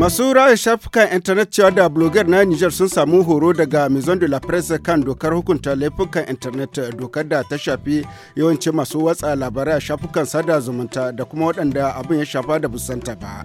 Masu ra'ayin shafukan intanet cewa da blogger na niger sun samu horo daga Maison de la Presse kan dokar hukunta laifukan intanet dokar da ta shafi yawancin masu watsa labarai a shafukan sada zumunta da kuma waɗanda abin ya shafa da busanta ba.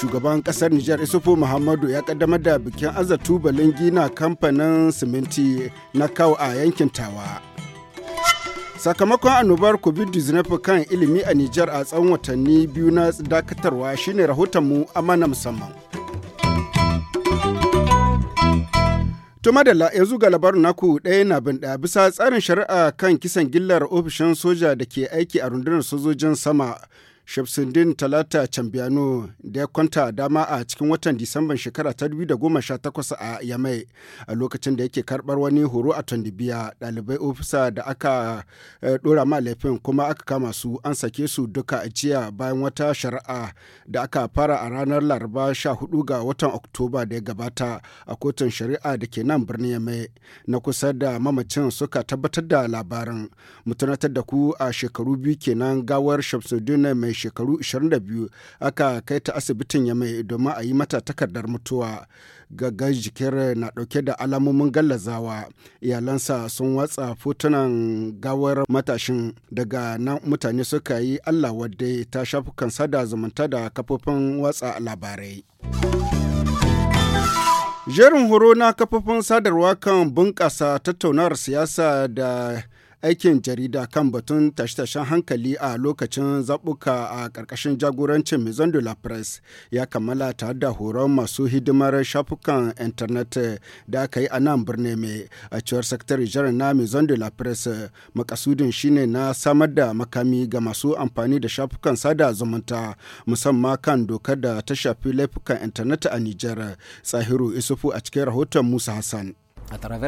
Shugaban ƙasar Nijar Isufu Muhammadu ya kaddamar da bikin azatu balingi na kamfanin siminti na kawo a yankin Tawa. Sakamakon annobar COVID-19 kan ilimi a Nijar a tsawon watanni biyu na dakatarwa shine rahotonmu a mana musamman. To madalla yanzu ga labarin naku ɗaya na bin ɗaya bisa tsarin shari'a kan kisan gillar ofishin soja da ke aiki a rundunar sojojin sama Shamsuddin Talata Cambiano da ya kwanta dama a cikin watan Disamban shekara ta 2018 a Yamai a lokacin da yake karbar wani horo a Tondibiya dalibai ofisa da aka eh, ɗora ma laifin kuma aka kama su an sake su duka a jiya bayan wata shari'a da aka fara a ranar Laraba 14 ga watan Oktoba da ya gabata a kotun shari'a da ke nan birnin Yamai na kusa da mamacin suka tabbatar da labarin. Mu tunatar da ku a shekaru biyu kenan gawar Shamsuddin mai mai shekaru 22 aka kai ta asibitin ya mai domin a yi mata takardar mutuwa. ga jikin na dauke da alamomin gallazawa. Iyalansa sun watsa fotunan gawar matashin daga nan mutane suka yi Allah wadda ta shafukan sada zumunta da kafofin watsa labarai. jerin horo na kafofin sadarwa kan bunƙasa tattaunawar siyasa da aikin jarida kan batun tashe-tashen hankali a lokacin zabuka a ƙarƙashin jagorancin Maison la Presse ya kammala tare da horon masu hidimar shafukan intanet da aka yi a nan birni mai a cewar sakatare jiran na Maison de la Presse makasudin shine na samar da makami ga masu amfani da shafukan sada zumunta musamman kan dokar da ta shafi laifukan intanet a Nijar. Tsahiru Isufu a cikin rahoton Musa Hassan. ta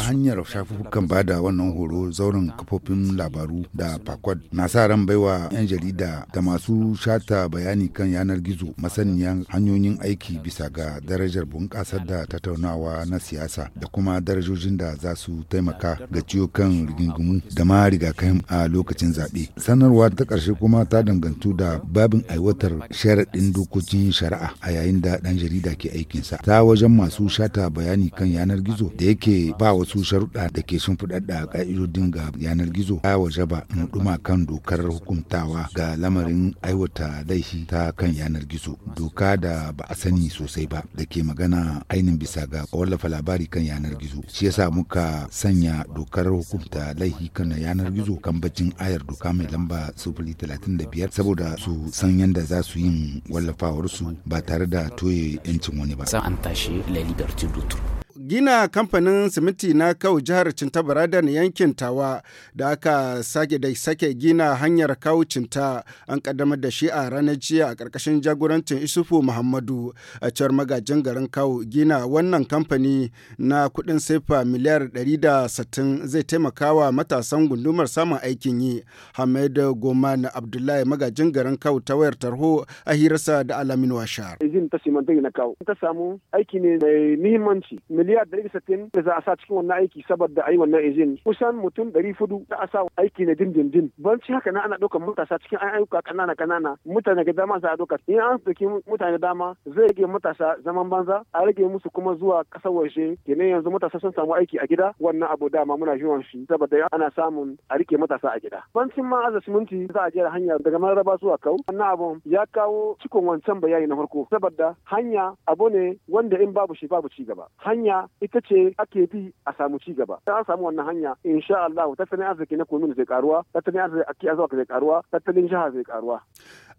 hanyar shafukan da wannan horo zauren kafofin labaru da fakwad na sa ran baiwa 'yan jarida da masu shata bayani kan yanar gizo masaniyan hanyoyin aiki bisa ga darajar bunƙasar da tattaunawa na siyasa da kuma darajojin da za su taimaka ga ciwo kan rigingimu da ma rigakafin a lokacin zaɓe sanarwa ta ƙarshe kuma ta dangantu da babin aiwatar sharaɗin dokokin shari'a a yayin da ɗan jarida ke aikinsa ta wajen masu shata bayani kan yanar gizo da yake ba wasu sharuɗa da ke shimfiɗaɗɗa ƙa'idodin ga yanar gizo ya waje ba ɗuma kan dokar hukuntawa ga lamarin aiwata laifi ta kan yanar gizo doka da ba a sani sosai ba da ke magana ainin bisa ga wallafa labari kan yanar gizo shi yasa muka sanya dokar hukunta laifi kan yanar gizo kan bacin ayar doka mai lamba talatin da biyar. saboda su san yadda za su yin wallafawarsu ba tare da toye 'yancin wani ba. an san Gina kamfanin siminti na kau jihar Cintabara da yankin Tawa da aka sake da sake gina hanyar kau Cinta an kaddamar da shi a ranar jiya a ƙarƙashin jagorancin Isufu Muhammadu a cewar magajin garin kau gina wannan kamfani na kuɗin sefa miliyar 160 zai taimaka wa matasan gundumar samun aikin yi. Hamed na Abdullahi magajin garin kau ta wayar tarho a hirarsa da Alamin Washar. Izin ta Ta samu aiki ne naira dari sittin da za a sa cikin wannan aiki saboda a yi wannan izin kusan mutum ɗari fudu za a sa aiki na dindindin banci haka na ana ɗaukar matasa cikin an ayyuka ƙanana ƙanana mutane da dama za a ɗauka in an ɗauki mutane dama zai rage matasa zaman banza a rage musu kuma zuwa ƙasar waje kenan yanzu matasa sun samu aiki a gida wannan abu dama muna jiwon shi saboda ana samun a rike matasa a gida bancin ma aza siminti za a da hanya daga mararaba zuwa kau wannan abu ya kawo cikon wancan bayani na farko saboda hanya abu ne wanda in babu shi babu ci gaba hanya ita ce ake bi a samu ci gaba ta an samu wannan hanya insha Allah tattalin arziki na komin zai karuwa tattalin arziki a zai karuwa tattalin jiha zai karuwa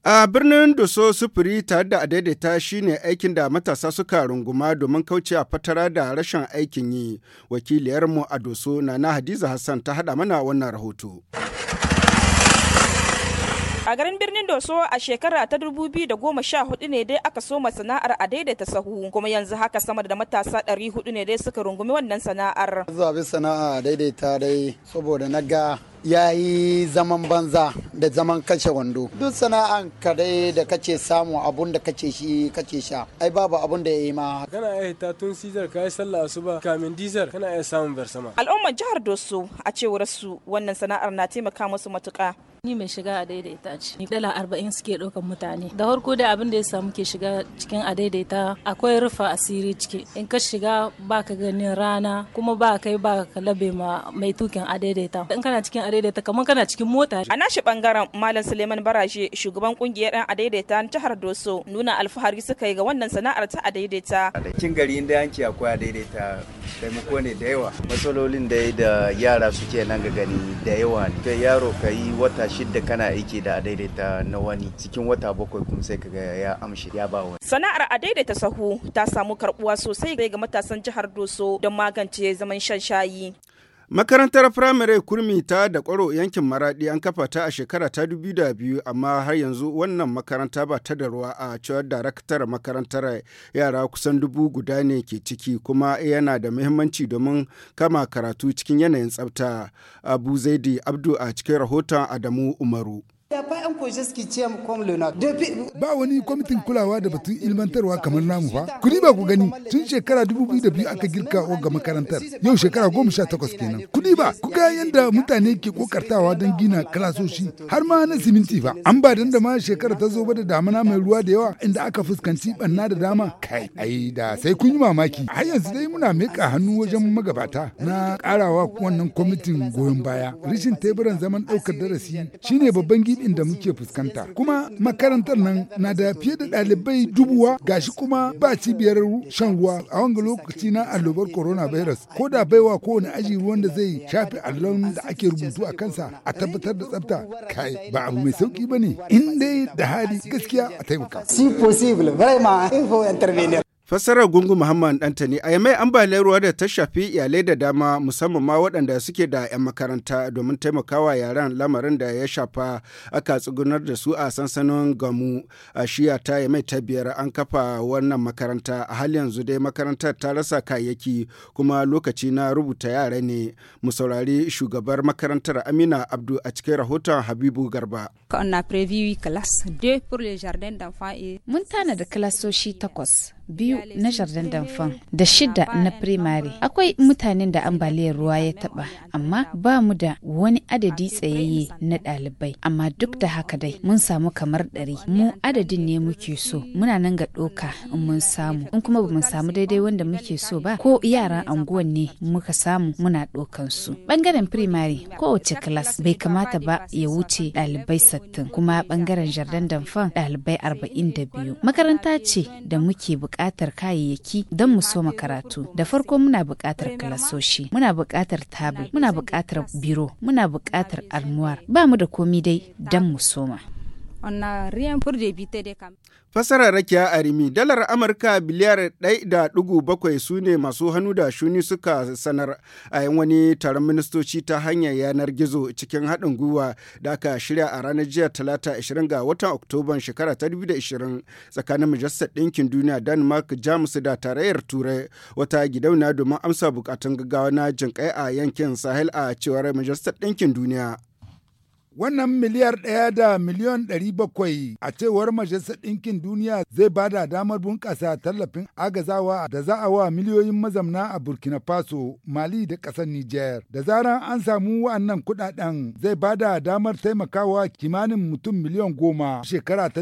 a birnin doso sufuri tare da adaidaita shine aikin da matasa suka runguma domin kauce a fatara da rashin aikin yi wakiliyarmu a doso na na hadiza hassan ta hada mana wannan rahoto. A garin birnin Doso a shekara ta 2014 ne dai aka soma sana'ar a daidaita sahu kuma yanzu haka sama da matasa 400 ne dai suka rungumi wannan sana'ar. Zuwa bi sana'a daidaita dai saboda na ga ya yi zaman banza da zaman kashe wando duk sana'an ka dai da kace samu abun da kace shi kace sha ai babu abun da ya yi ma kana iya hita tun sizar ka yi sallah asuba kamin dizar kana iya samun barsama. al'ummar jihar doso a cewar su wannan sana'ar na taimaka musu matuƙa ni mai shiga a daidaita ce ni dala arba'in suke ɗaukar mutane da farko da abin da ya samu ke shiga cikin a daidaita akwai rufa asiri ciki in ka shiga baka ganin rana kuma ba kai ba ka labe ma mai tukin a daidaita in kana cikin a adaidaita kamar kana cikin mota. A nashi bangaren Malam Suleiman Barashe shugaban kungiyar yan adaidaita na jihar Doso nuna alfahari suka yi ga wannan sana'ar ta adaidaita. Cikin gari inda yanki akwai adaidaita taimako ne da yawa. Matsalolin da da yara suke nan ga gani da yawa ne. Kai yaro ka yi wata shidda kana aiki da adaidaita na wani cikin wata bakwai kuma sai ka ya amshi ya ba wani. Sana'ar adaidaita sahu ta samu karbuwa sosai ga matasan jihar Doso don magance zaman shan shayi. Makarantar firamare kurmi ta da ƙwaro yankin Maraɗi an kafa ta a shekara ta biyu amma har yanzu wannan makaranta ba ta da ruwa a cewar daraktar makarantar yara kusan dubu guda ne ke ciki kuma yana da muhimmanci domin kama karatu cikin yanayin tsafta. Abu Zaidi Abdu a cikin rahoton Adamu Umaru. Ba wani kwamitin kulawa da batun ilmantarwa kamar namu ba. Ku ba ku gani tun shekara biyu aka girka ga makarantar. Yau shekara goma sha takwas kenan. kuɗi ba ku ga yadda mutane ke kokartawa don gina kalasoshi har ma na siminti ba. An ba da ma shekara ta zo ba da damana mai ruwa da yawa inda aka fuskanci banna da dama. Kai ai da sai kun yi mamaki. Har yanzu dai muna miƙa hannu wajen magabata na ƙarawa wannan kwamitin goyon baya. Rishin teburan zaman ɗaukar darasi shine babban gibi ɗin da muke fuskanta. Kuma makarantar nan na da fiye da ɗalibai dubuwa gashi kuma ba cibiyar shan ruwa a wanga lokaci na allobar virus ko da baiwa kowane aji ruwan da zai shafi allon da ake rubutu a kansa a tabbatar da tsafta kai ba abu mai sauki ba ne in dai da hali gaskiya a taimaka. Si possible, vraiment, il faut intervenir. Fassarar Gungu Muhammad Dantani a yamai ambaliyar ruwa da ta shafi iyalai da dama musamman ma waɗanda suke da 'yan makaranta domin taimakawa yaran lamarin da ya shafa aka tsugunar da su a sansanin gamu a shiya ta yamai ta biyar an kafa wannan makaranta a hal yanzu dai makarantar ta rasa kayayyaki kuma lokaci na rubuta yare ne mu saurari shugabar makarantar Amina Abdu a cikin rahoton Habibu Garba. Mun tana da kilasoshi takwas biyu na jardin damfan da shida na firimare akwai mutanen da ambaliyar ruwa ya taba amma ba mu da wani adadi tsayayye na ɗalibai amma duk da haka dai mun samu kamar ɗari mu adadin ne muke so muna nan ga ɗoka in mun samu in kuma ba mu samu daidai wanda muke so ba ko yaran anguwan ne muka samu muna ɗokan su ɓangaren firimare kowace class bai kamata ba ya wuce ɗalibai sattin kuma bangaren jardin damfan ɗalibai arba'in da biyu makaranta ce da muke buƙata buƙatar kayayyaki don mu soma karatu. Da farko muna buƙatar kalasoshi, muna buƙatar tabul, muna buƙatar biro, muna buƙatar almuwar. Ba mu da komi dai don mu soma. on rien pour débiter des Fasarar rakiya Arimi, dalar Amurka biliyar ɗai da ɗugu bakwai su ne masu hannu da shuni suka sanar a yin wani taron ministoci ta hanyar yanar gizo cikin haɗin gwiwa da aka shirya a ranar jiya talata 20 ga watan Oktoban shekara ta 2020 tsakanin Majalisar Ɗinkin Duniya Denmark Jamus da Tarayyar Turai wata gidauna domin amsa bukatun gaggawa na jinƙai a yankin Sahel a cewar Majalisar Ɗinkin Duniya. Wannan miliyar ɗaya da miliyon ɗari bakwai a cewar Majalisar Ɗinkin Duniya zai ba da damar bunƙasa tallafin agazawa da za a wa miliyoyin mazamna a Burkina Faso, Mali da ƙasar Nijar. Da zaran an samu wa'annan kuɗaɗen zai ba da damar taimakawa kimanin mutum miliyon goma shekara ta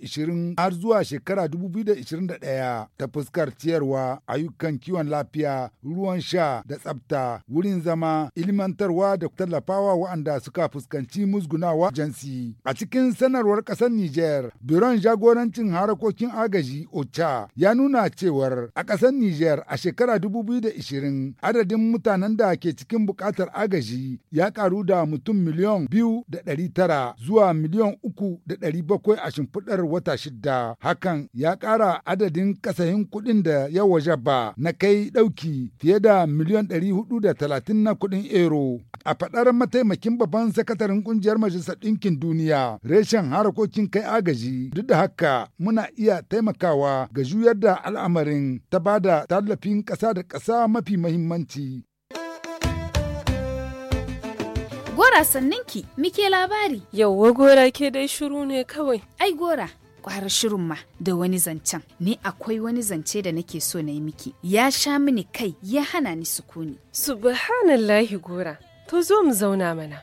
ishirin har zuwa shekara ɗaya ta fuskar ciyarwa, ayyukan kiwon lafiya, ruwan sha da tsabta, wurin zama, ilmantarwa da tallafawa wa'anda suka fuskar fuskanci musgunawa jansi. A cikin sanarwar ƙasar Nijar, Biron jagorancin harakokin agaji OCHA ya nuna cewar a ƙasar Nijar a shekara 2020 adadin mutanen da ke cikin buƙatar agaji ya ƙaru da mutum miliyon biyu da ɗari tara zuwa miliyan uku da ɗari bakwai a shimfiɗar wata shida Hakan ya ƙara adadin kasahin kuɗin da ya waje ba, na kai ɗauki fiye da miliyon ɗari hudu da talatin na kuɗin ero. A faɗar mataimakin babban sakatar akasarin kungiyar Majalisar Ɗinkin Duniya reshen harakokin kai agaji duk da haka muna iya taimakawa ga juyar da al'amarin ta ba da tallafin ƙasa da ƙasa mafi mahimmanci. Gora sannan ki, muke labari. Yauwa gora ke dai shiru ne kawai. Ai gora, kwara shirin ma da wani zancen ni akwai wani zance da nake so na yi miki ya sha mini kai ya hana ni sukuni subhanallahi gora to zo mu zauna mana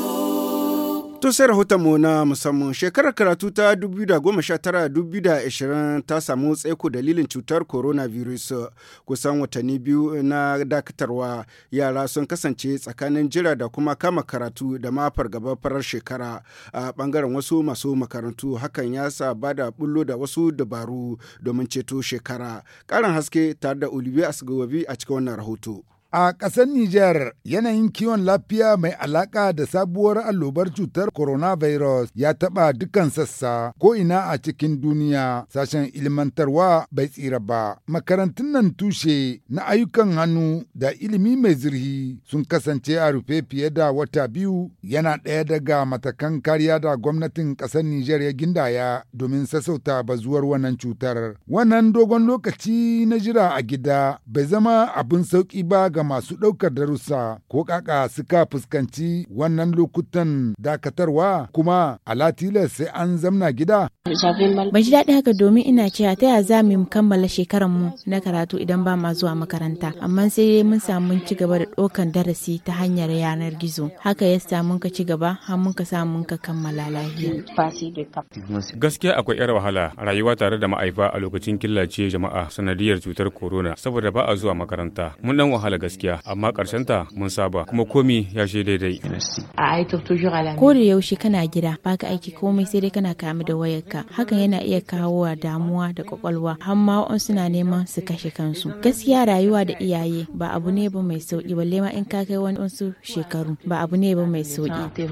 To sai mu na musamman shekarar karatu ta 2019-2020 ta samu tsaiko dalilin cutar coronavirus kusan watanni biyu na dakatarwa yara sun kasance tsakanin jira da kuma kama karatu da ma fargaba farar shekara a bangaren wasu masu makarantu hakan ya sa ba da bullo da wasu dabaru domin ceto shekara. Karin haske tare da Olivier Asgawabi a cikin wannan rahoto. A ƙasar Nijar, yanayin kiwon lafiya mai alaƙa da sabuwar allobar cutar coronavirus ya taɓa dukkan sassa ko'ina a cikin duniya sashen ilmantarwa bai tsira ba. Makarantun nan tushe na ayyukan hannu da ilimi mai zurhi sun kasance a rufe fiye da wata biyu yana ɗaya daga matakan kariya da gwamnatin ƙasar Nijar ya gindaya domin sassauta bazuwar wannan cutar. Wannan dogon lokaci na jira a gida bai zama abin sauƙi ba ga ga masu ɗaukar darussa ko ƙaƙa suka fuskanci wannan lokutan dakatarwa kuma a latilas sai an zamna gida. Ban ji daɗi haka domin ina cewa ta yaya za mu kammala shekaran mu na karatu idan ba ma zuwa makaranta amma sai dai mun samu ci gaba da ɗaukan darasi ta hanyar yanar gizo haka ya samu ka ci gaba har mun ka samu ka kammala lafiya. Gaskiya akwai yar wahala rayuwa tare da ma'aifa a lokacin killace jama'a sanadiyar cutar corona saboda ba a zuwa makaranta mun dan wahala gaskiya. gaskiya amma karshen mun saba kuma komi ya je daidai ko da yaushe kana gida baka aiki komai sai dai kana kamu da wayarka hakan yana iya kawo damuwa da kwakwalwa amma ma suna neman su kashe kansu gaskiya rayuwa da iyaye ba abu ne ba mai sauki balle ma in ka kai wani su shekaru ba abu ne ba mai sauki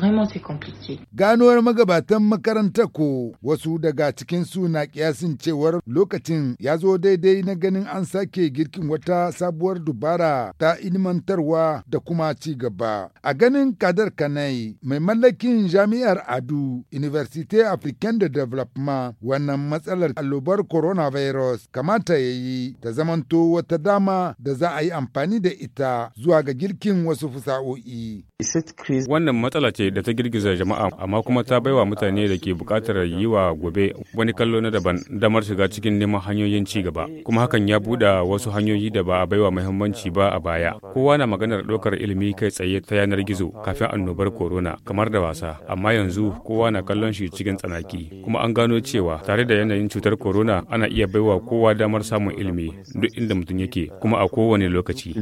ganuwar magabatan makaranta ko wasu daga cikin su na kiyasin cewar lokacin ya zo daidai na ganin an sake girkin wata sabuwar dubara ta ta ilmantarwa da kuma ci gaba. A ganin Kadar Kanai, mai mallakin jami'ar Adu, Université African de Development, wannan matsalar allobar coronavirus kamata ya yi ta zamanto wata dama da za a yi amfani da ita zuwa ga girkin wasu fusa'o'i. Wannan matsala ce da ta girgiza jama'a, amma kuma ta baiwa mutane da ke buƙatar yi wa gobe wani kallo na daban damar shiga cikin neman hanyoyin ci gaba. Kuma hakan ya buɗe wasu hanyoyi da ba a baiwa muhimmanci ba a baya. baya kowa na maganar ɗaukar ilimi kai tsaye ta yanar gizo kafin annobar corona kamar da wasa amma yanzu kowa na kallon shi cikin tsanaki kuma an gano cewa tare da yanayin cutar corona ana iya baiwa kowa damar samun ilimi duk inda mutum yake kuma a kowane lokaci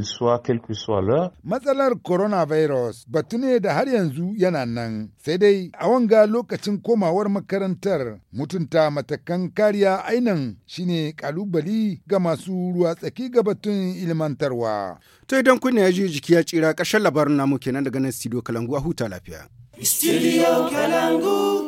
matsalar coronavirus batu ne da har yanzu yana nan sai dai a wanga lokacin komawar makarantar mutunta matakan kariya ainan shine kalubali ga masu ruwa tsaki ga batun ilmantarwa To idan kunne ya ji jiki ya tsira ƙarshen labarin namu kenan daga nan studio Kalangu a huta lafiya. Studio Kalangu.